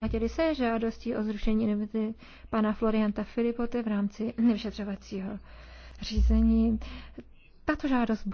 Vrátili se žádostí o zrušení imunity pana Florianta Filipote v rámci vyšetřovacího řízení. Tato žádost